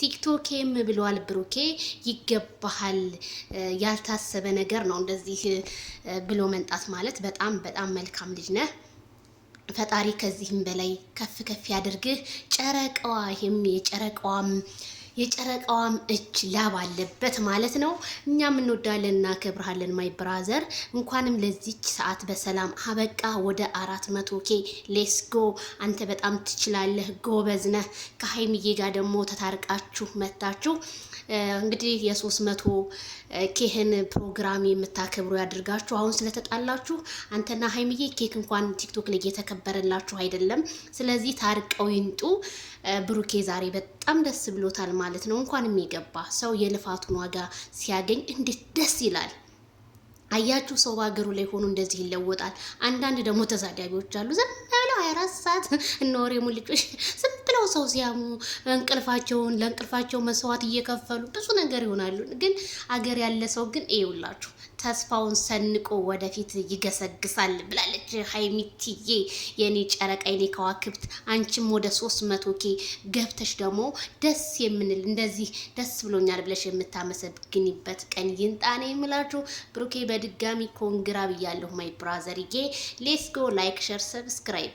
ቲክቶኬም ብለዋል ብሩኬ ይገባሃል። ያልታሰበ ነገር ነው እንደዚህ ብሎ መንጣት ማለት። በጣም በጣም መልካም ልጅ ነህ። ፈጣሪ ከዚህም በላይ ከፍ ከፍ ያድርግህ። ጨረቀዋ ይህም የጨረቀዋም የጨረቃዋም እጅ ላብ አለበት ማለት ነው። እኛ እንወዳለን ክብርሃለን ማይ ብራዘር። እንኳንም ለዚች ሰዓት በሰላም አበቃ። ወደ አራት መቶ ኬ ሌስ ጎ። አንተ በጣም ትችላለህ፣ ጎበዝ ነህ። ከሀይሚዬ ጋር ደግሞ ተታርቃችሁ መታችሁ እንግዲህ የሶስት መቶ ኬህን ፕሮግራም የምታከብሩ ያድርጋችሁ። አሁን ስለተጣላችሁ አንተና ሀይሚዬ ኬክ እንኳን ቲክቶክ ላይ እየተከበረላችሁ አይደለም። ስለዚህ ታርቀው ይንጡ። ብሩኬ ዛሬ በጣም ደስ ብሎታል ማለት ማለት ነው። እንኳን የሚገባ ሰው የልፋቱን ዋጋ ሲያገኝ እንዴት ደስ ይላል። አያችሁ ሰው በሀገሩ ላይ ሆኖ እንደዚህ ይለወጣል። አንዳንድ ደግሞ ተሳዳቢዎች አሉ። ዝም ብለው 24 ሰዓት እነወሬ ሙልጮች ሙልጮች ሌላው ሰው ሲያሙ እንቅልፋቸውን ለእንቅልፋቸው መስዋዕት እየከፈሉ ብዙ ነገር ይሆናሉ። ግን አገር ያለ ሰው ግን ይውላችሁ ተስፋውን ሰንቆ ወደፊት ይገሰግሳል ብላለች ሀይሚትዬ የኔ ጨረቃ የኔ ከዋክብት አንቺም ወደ ሶስት መቶ ኬ ገብተሽ ደግሞ ደስ የምንል እንደዚህ ደስ ብሎኛል ብለሽ የምታመሰግኝበት ቀን ይንጣኔ የምላችሁ ብሩኬ በድጋሚ ኮንግራ ብያለሁ ማይ ብራዘርዬ ጎ ላይክ ሸር ሰብስክራይብ